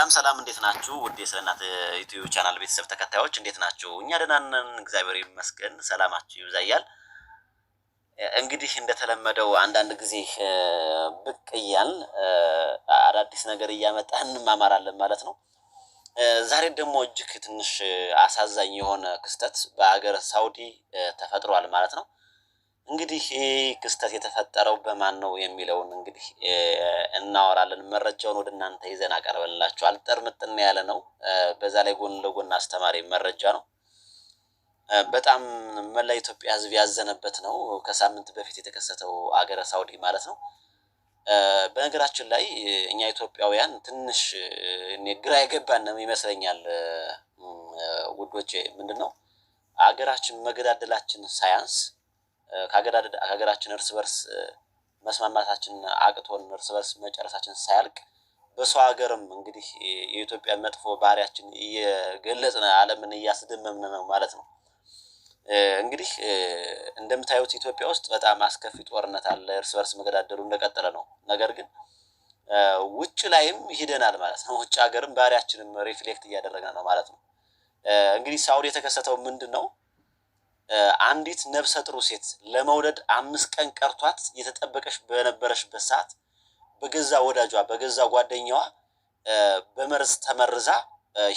ሰላም ሰላም፣ እንዴት ናችሁ? ውድ የስለናት ዩቲዩብ ቻናል ቤተሰብ ተከታዮች እንዴት ናችሁ? እኛ ደህና ነን፣ እግዚአብሔር ይመስገን። ሰላማችሁ ይብዛያል። እንግዲህ እንደተለመደው አንዳንድ ጊዜ ብቅ እያል አዳዲስ ነገር እያመጣን እንማማራለን ማለት ነው። ዛሬ ደግሞ እጅግ ትንሽ አሳዛኝ የሆነ ክስተት በሀገር ሳውዲ ተፈጥሯል ማለት ነው። እንግዲህ ይህ ክስተት የተፈጠረው በማን ነው የሚለውን እንግዲህ እናወራለን። መረጃውን ወደ እናንተ ይዘን አቀርበንላችኋል። ጥርምጥና ያለ ነው። በዛ ላይ ጎን ለጎን አስተማሪ መረጃ ነው። በጣም መላ ኢትዮጵያ ሕዝብ ያዘነበት ነው። ከሳምንት በፊት የተከሰተው አገረ ሳውዲ ማለት ነው። በነገራችን ላይ እኛ ኢትዮጵያውያን ትንሽ ግራ የገባን ይመስለኛል። ውዶቼ ምንድን ነው አገራችን መገዳደላችን ሳያንስ ከሀገራችን እርስ በርስ መስማማታችን አቅቶን እርስ በርስ መጨረሳችን ሳያልቅ በሰው ሀገርም እንግዲህ የኢትዮጵያ መጥፎ ባህሪያችን እየገለጽን ዓለምን እያስደመምን ነው ማለት ነው። እንግዲህ እንደምታዩት ኢትዮጵያ ውስጥ በጣም አስከፊ ጦርነት አለ። እርስ በርስ መገዳደሉ እንደቀጠለ ነው። ነገር ግን ውጭ ላይም ሂደናል ማለት ነው። ውጭ ሀገርም ባህሪያችንም ሪፍሌክት እያደረገ ነው ማለት ነው። እንግዲህ ሳውዲ የተከሰተው ምንድን ነው? አንዲት ነብሰ ጥሩ ሴት ለመውለድ አምስት ቀን ቀርቷት የተጠበቀች በነበረችበት ሰዓት በገዛ ወዳጇ በገዛ ጓደኛዋ በመርዝ ተመርዛ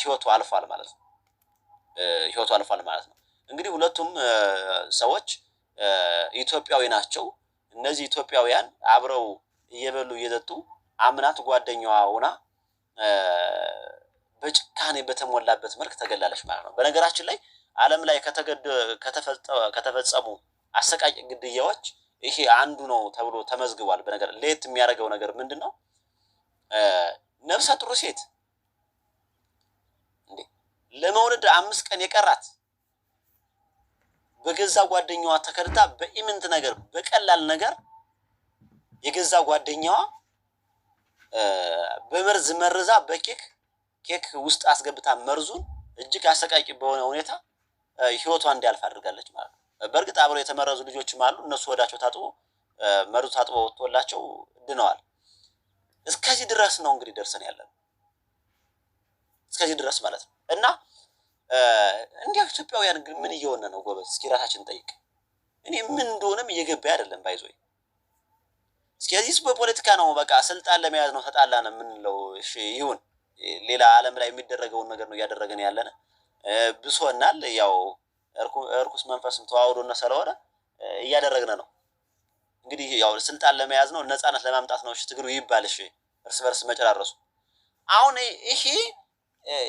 ህይወቱ አልፏል ማለት ነው። ህይወቱ አልፏል ማለት ነው። እንግዲህ ሁለቱም ሰዎች ኢትዮጵያዊ ናቸው። እነዚህ ኢትዮጵያውያን አብረው እየበሉ እየጠጡ አምናት ጓደኛዋ ሆና በጭካኔ በተሞላበት መልክ ተገላለች ማለት ነው። በነገራችን ላይ ዓለም ላይ ከተፈጸሙ አሰቃቂ ግድያዎች ይሄ አንዱ ነው ተብሎ ተመዝግቧል። በነገር ለየት የሚያደርገው ነገር ምንድን ነው? ነፍሰ ጡር ሴት ለመውለድ አምስት ቀን የቀራት በገዛ ጓደኛዋ ተከድታ በኢምንት ነገር በቀላል ነገር የገዛ ጓደኛዋ በመርዝ መርዛ በኬክ ኬክ ውስጥ አስገብታ መርዙን እጅግ አሰቃቂ በሆነ ሁኔታ ህይወቷ እንዲያልፍ አድርጋለች ማለት ነው። በእርግጥ አብረው የተመረዙ ልጆችም አሉ። እነሱ ወዳቸው ታጥቦ መርዙ ታጥቦ ወጥቶላቸው ድነዋል። እስከዚህ ድረስ ነው እንግዲህ ደርሰን ያለን እስከዚህ ድረስ ማለት ነው እና እንዲያው ኢትዮጵያውያን ግን ምን እየሆነ ነው ጎበዝ? እስኪ ራሳችን ጠይቅ። እኔ ምን እንደሆነም እየገባ አይደለም ባይዞይ። እስከዚህ በፖለቲካ ነው በቃ ስልጣን ለመያዝ ነው ተጣላ ነው የምንለው። እሺ ይሁን፣ ሌላ አለም ላይ የሚደረገውን ነገር ነው እያደረገን ያለነ ብሶናል። ያው እርኩስ መንፈስም ተዋውዶና ስለሆነ እያደረግነ ነው። እንግዲህ ያው ስልጣን ለመያዝ ነው፣ ነፃነት ለማምጣት ነው። እሺ ትግሩ ይባል። እሺ እርስ በርስ መጨራረሱ። አሁን ይሄ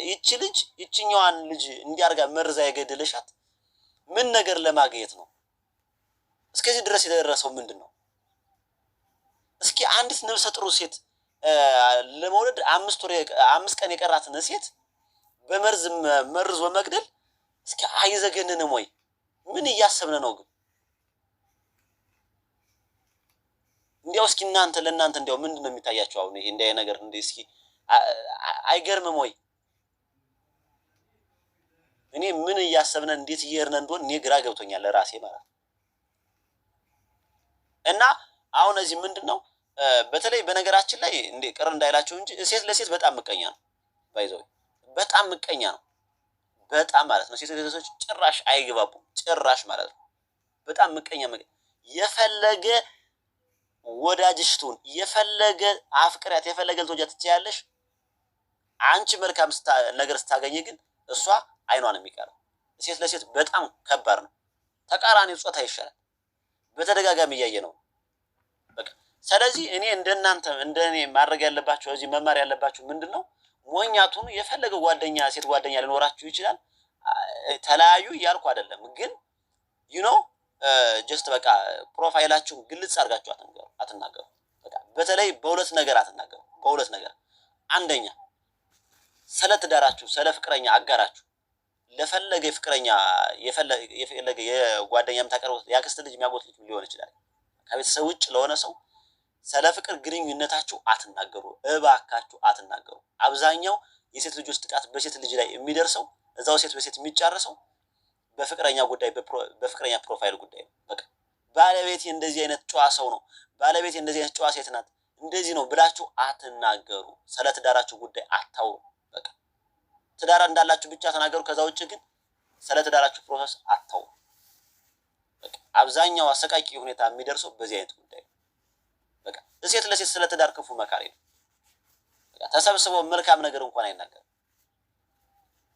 ይቺ ልጅ ይችኛዋን ልጅ እንዲያርጋ መርዛ የገደለሻት ምን ነገር ለማግኘት ነው? እስከዚህ ድረስ የደረሰው ምንድን ነው? እስኪ አንዲት ነብሰ ጥሩ ሴት ለመውለድ አምስት ቀን የቀራትን ሴት በመርዝ መርዞ መግደል እስኪ አይዘገንንም ወይ? ምን እያሰብን ነው? ግን እንዲያው እስኪ እናንተ ለእናንተ እንዲያው ምንድን ነው የሚታያቸው? አሁን ይሄ እንዲያ ነገር እንደ እስኪ አይገርምም ወይ? እኔ ምን እያሰብነ እንዴት እየሄድን እንደሆን እኔ ግራ ገብቶኛል ለራሴ ማለት እና አሁን እዚህ ምንድን ነው በተለይ በነገራችን ላይ እንዴ ቅር እንዳይላቸው እንጂ ሴት ለሴት በጣም ምቀኛ ነው ባይዘው በጣም ምቀኛ ነው። በጣም ማለት ነው። ሴት እህቶች ጭራሽ አይግባቡም። ጭራሽ ማለት ነው። በጣም ምቀኛ የፈለገ ወዳጅሽ ትሁን የፈለገ አፍቅሪያት የፈለገ ልትወጃ ትችያለሽ። አንቺ መልካም ነገር ስታገኝ ግን እሷ አይኗን የሚቀረው ሴት ለሴት በጣም ከባድ ነው። ተቃራኒ ጾታ ይሻላል። በተደጋጋሚ እያየ ነው። በቃ ስለዚህ እኔ እንደናንተ እንደኔ ማድረግ ያለባቸው እዚህ መማር ያለባቸው ምንድን ነው? ሞኝ የፈለገ ጓደኛ ሴት ጓደኛ ሊኖራችሁ ይችላል። ተለያዩ እያልኩ አይደለም፣ ግን ዩ ኖ ጀስት በቃ ፕሮፋይላችሁን ግልጽ አድርጋችሁ አትናገሩ። በቃ በተለይ በሁለት ነገር አትናገሩ። በሁለት ነገር አንደኛ ስለ ትዳራችሁ፣ ስለ ፍቅረኛ አጋራችሁ ለፈለገ ፍቅረኛ የፈለገ የጓደኛ የምታቀርቡት ያክስት ልጅ የሚያጎት ልጅ ሊሆን ይችላል ከቤተሰብ ውጭ ለሆነ ሰው ስለ ፍቅር ግንኙነታችሁ አትናገሩ፣ እባካችሁ አትናገሩ። አብዛኛው የሴት ልጆች ጥቃት በሴት ልጅ ላይ የሚደርሰው እዛው ሴት በሴት የሚጫረሰው በፍቅረኛ ጉዳይ በፍቅረኛ ፕሮፋይል ጉዳይ ነው። በቃ ባለቤት እንደዚህ አይነት ጨዋ ሰው ነው፣ ባለቤት እንደዚህ አይነት ጨዋ ሴት ናት፣ እንደዚህ ነው ብላችሁ አትናገሩ። ስለ ትዳራችሁ ጉዳይ አታውሩ። በቃ ትዳር እንዳላችሁ ብቻ ተናገሩ። ከዛ ውጭ ግን ስለ ትዳራችሁ ፕሮሰስ አታውሩ። በቃ አብዛኛው አሰቃቂ ሁኔታ የሚደርሰው በዚህ አይነት ጉዳይ ነው። ሴት ለሴት ስለ ትዳር ክፉ መካሪ ነው። ተሰብስበው መልካም ነገር እንኳን አይናገር።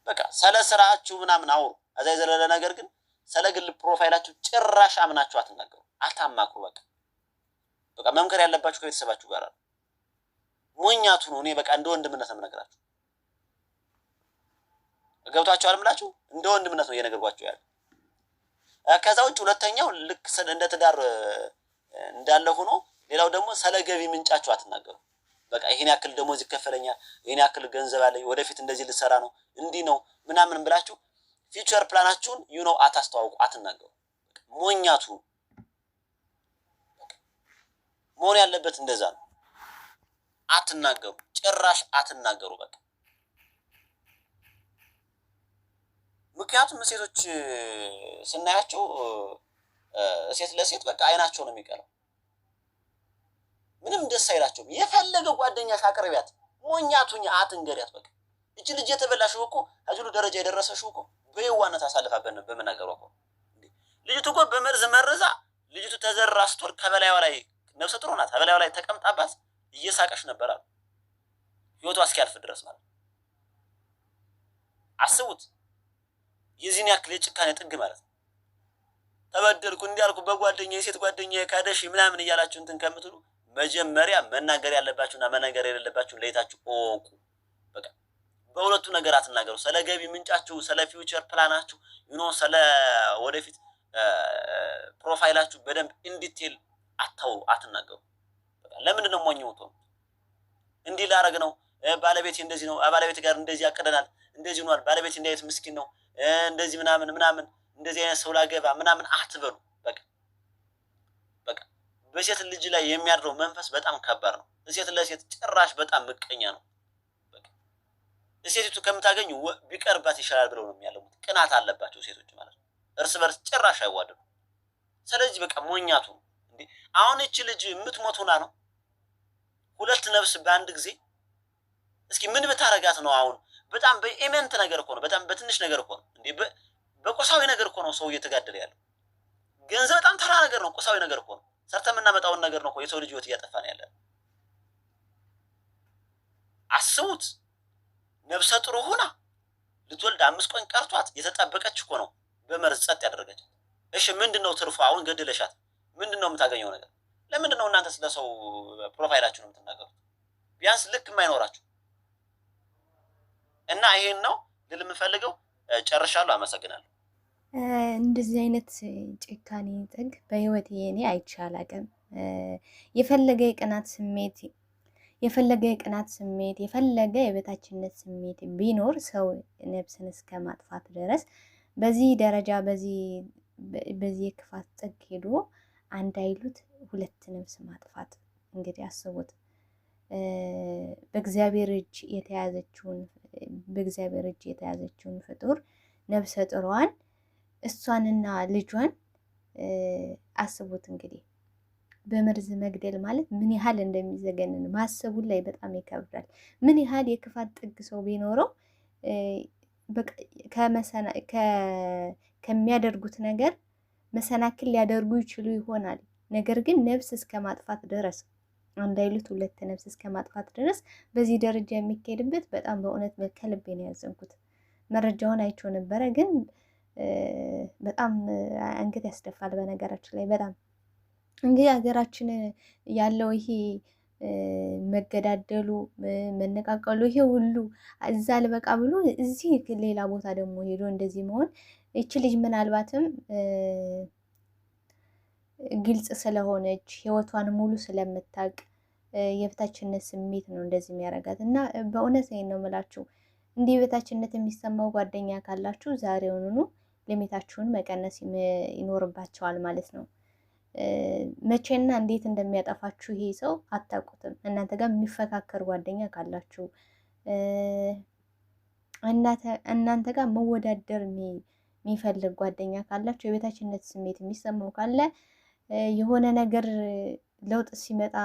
በቃ ስለ ስራችሁ ምናምን አውሩ። እዛ የዘለለ ነገር ግን ስለ ግል ፕሮፋይላችሁ ጭራሽ አምናችሁ አትናገሩ፣ አታማክሩ። በቃ በቃ መምከር ያለባችሁ ከቤተሰባችሁ ጋር ነው። ሞኛቱ ነው። እኔ በቃ እንደ ወንድምነት ነው የምነግራችሁ። ገብቷችሁ አልምላችሁ? እንደ ወንድምነት ነው እየነገርኳችሁ ያለ። ከዛ ውጭ ሁለተኛው ልክ እንደ ትዳር እንዳለ ሆኖ ሌላው ደግሞ ስለ ገቢ ምንጫቸው አትናገሩ። በቃ ይሄን ያክል ደሞዝ ይከፈለኛል፣ ይሄን ያክል ገንዘብ አለኝ፣ ወደፊት እንደዚህ ልሰራ ነው፣ እንዲህ ነው ምናምን ብላችሁ ፊውቸር ፕላናችሁን ዩ ነው አታስተዋውቁ፣ አትናገሩ። ሞኛቱ መሆን ያለበት እንደዛ ነው። አትናገሩ፣ ጭራሽ አትናገሩ። በቃ ምክንያቱም ሴቶች ስናያቸው ሴት ለሴት በቃ አይናቸው ነው የሚቀረው። ምንም ደስ አይላቸውም። የፈለገ ጓደኛ አቅርቢያት፣ ሞኛቱኝ አትንገሪያት። በቃ እች ልጅ የተበላሽው እኮ አጅሉ ደረጃ የደረሰሽው እኮ በየዋነት አሳልፋበት ነው በመናገሩ እኮ ልጅቱ እኮ በመርዝ መርዛ ልጅቱ ተዘራ ስትወር ከበላይዋ ላይ ነፍሰ ጥሩ ናት፣ ከበላይዋ ላይ ተቀምጣባት እየሳቀሽ ነበር አሉ ህይወቱ እስኪያልፍ ድረስ ማለት አስቡት። የዚህን ያክል የጭካኔ ጥግ ማለት ነው። ተበደልኩ እንዲያልኩ በጓደኛ የሴት ጓደኛ ካደሽ ምናምን እያላችሁ እንትን ከምትሉ መጀመሪያ መናገር ያለባችሁና መናገር የሌለባችሁን ለይታችሁ እወቁ። በቃ በሁለቱ ነገር አትናገሩ። ስለ ገቢ ምንጫችሁ፣ ስለ ፊውቸር ፕላናችሁ ዩኖ ስለ ወደፊት ፕሮፋይላችሁ በደንብ እንዲቴል አታው አትናገሩ። በቃ ለምንድን ነው ሞኝ ወጥቶ እንዲህ ላረግ ነው ባለቤት እንደዚህ ነው ባለቤት ጋር እንደዚህ ያቀደናል እንደዚህ ሆኗል ባለቤት እንዳይት ምስኪን ነው እንደዚህ ምናምን ምናምን እንደዚህ አይነት ሰው ላገባ ምናምን አትበሉ በቃ በሴት ልጅ ላይ የሚያድረው መንፈስ በጣም ከባድ ነው። ሴት ለሴት ጭራሽ በጣም ምቀኛ ነው። ሴቲቱ ከምታገኙ ቢቀርባት ይሻላል ብለው ነው የሚያለሙት። ቅናት አለባቸው ሴቶች ማለት ነው። እርስ በርስ ጭራሽ አይዋደዱ። ስለዚህ በቃ ሞኛቱ እንዴ! አሁን እቺ ልጅ የምትሞት ሆና ነው ሁለት ነፍስ በአንድ ጊዜ። እስኪ ምን ብታረጋት ነው አሁን? በጣም በኤመንት ነገር እኮ ነው፣ በጣም በትንሽ ነገር እኮ ነው እንዴ፣ በቁሳዊ ነገር እኮ ነው ሰው እየተጋደለ ያለው። ገንዘብ በጣም ተራ ነገር ነው፣ ቁሳዊ ነገር እኮ ነው። ሰርተ የምናመጣውን ነገር ነው የሰው ልጅ ህይወት እያጠፋ ነው ያለ። አስቡት፣ ነብሰ ጥሩ ሆና ልትወልድ አምስት ቀን ቀርቷት የተጠበቀች እኮ ነው በመርዝ ጸጥ ያደረገች። እሺ ምንድን ነው አሁን ገድለሻት ምንድን ነው የምታገኘው ነገር? ለምንድን ነው እናንተ ስለ ሰው ፕሮፋይላችሁ ነው የምትናገሩት? ቢያንስ ልክ የማይኖራችሁ እና ይሄን ነው ልል የምፈልገው። ጨርሻለሁ። አመሰግናለሁ። እንደዚህ አይነት ጭካኔ ጥግ በህይወት የኔ አይቻላቅም። የፈለገ የቅናት ስሜት የፈለገ የቅናት ስሜት የፈለገ የበታችነት ስሜት ቢኖር ሰው ነብስን እስከ ማጥፋት ድረስ በዚህ ደረጃ በዚህ የክፋት ጥግ ሄዶ አንድ አይሉት ሁለት ነብስ ማጥፋት እንግዲህ አስቡት። በእግዚአብሔር እጅ የተያዘችውን በእግዚአብሔር እጅ የተያዘችውን ፍጡር ነብሰ ጥሯዋን እሷንና ልጇን አስቡት እንግዲህ በመርዝ መግደል ማለት ምን ያህል እንደሚዘገንን ማሰቡ ላይ በጣም ይከብዳል። ምን ያህል የክፋት ጥግ ሰው ቢኖረው ከሚያደርጉት ነገር መሰናክል ሊያደርጉ ይችሉ ይሆናል። ነገር ግን ነፍስ እስከ ማጥፋት ድረስ አንድ አይሉት ሁለት ነፍስ እስከ ማጥፋት ድረስ በዚህ ደረጃ የሚካሄድበት በጣም በእውነት ከልቤ ነው ያዘንኩት። መረጃውን አይቼው ነበረ ግን በጣም አንገት ያስደፋል። በነገራችን ላይ በጣም እንግዲህ ሀገራችን ያለው ይሄ መገዳደሉ መነቃቀሉ ይሄ ሁሉ እዛ ልበቃ ብሎ እዚህ ሌላ ቦታ ደግሞ ሄዶ እንደዚህ መሆን ይቺ ልጅ ምናልባትም ግልጽ ስለሆነች ህይወቷን ሙሉ ስለምታውቅ የበታችነት ስሜት ነው እንደዚህ የሚያረጋት እና በእውነት ነው የምላችሁ እንዲህ የበታችነት የሚሰማው ጓደኛ ካላችሁ ዛሬውኑ ሊሚታችሁን መቀነስ ይኖርባቸዋል ማለት ነው። መቼና እንዴት እንደሚያጠፋችሁ ይሄ ሰው አታውቁትም። እናንተ ጋር የሚፈካከር ጓደኛ ካላችሁ፣ እናንተ ጋር መወዳደር የሚፈልግ ጓደኛ ካላችሁ፣ የበታችነት ስሜት የሚሰማው ካለ የሆነ ነገር ለውጥ ሲመጣ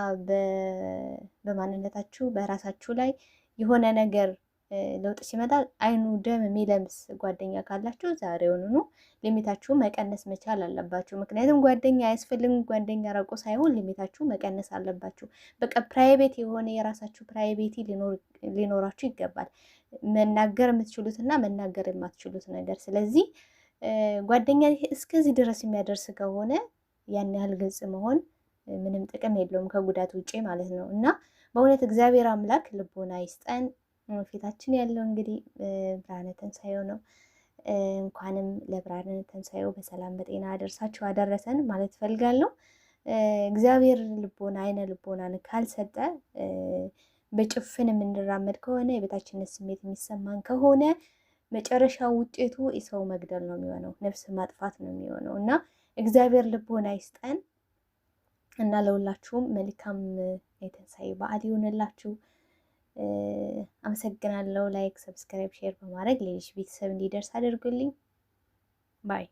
በማንነታችሁ በራሳችሁ ላይ የሆነ ነገር ለውጥ ሲመጣ አይኑ ደም የሚለምስ ጓደኛ ካላችሁ ዛሬውኑ ሊሚታችሁ መቀነስ መቻል አለባችሁ። ምክንያቱም ጓደኛ አያስፈልግም። ጓደኛ ራቆ ሳይሆን ሊሚታችሁ መቀነስ አለባችሁ። በቃ ፕራይቬት የሆነ የራሳችሁ ፕራይቬቲ ሊኖራችሁ ይገባል። መናገር የምትችሉትና መናገር የማትችሉት ነገር። ስለዚህ ጓደኛ እስከዚህ ድረስ የሚያደርስ ከሆነ ያን ያህል ግልጽ መሆን ምንም ጥቅም የለውም ከጉዳት ውጪ ማለት ነው እና በእውነት እግዚአብሔር አምላክ ልቦና ይስጠን። ፊታችን ያለው እንግዲህ ብርሃነ ትንሣኤው ነው። እንኳንም ለብርሃነ ትንሣኤው በሰላም በጤና አደርሳችሁ አደረሰን ማለት ፈልጋለሁ። እግዚአብሔር ልቦና አይነ ልቦናን ካልሰጠ በጭፍን የምንራመድ ከሆነ የበታችነት ስሜት የሚሰማን ከሆነ መጨረሻ ውጤቱ የሰው መግደል ነው የሚሆነው፣ ነፍስ ማጥፋት ነው የሚሆነው እና እግዚአብሔር ልቦና ይስጠን እና ለሁላችሁም መልካም የትንሣኤ በዓል ይሆንላችሁ። አመሰግናለሁ። ላይክ፣ ሰብስክራይብ፣ ሼር በማድረግ ሌሎች ቤተሰብ እንዲደርስ አድርጉልኝ። ባይ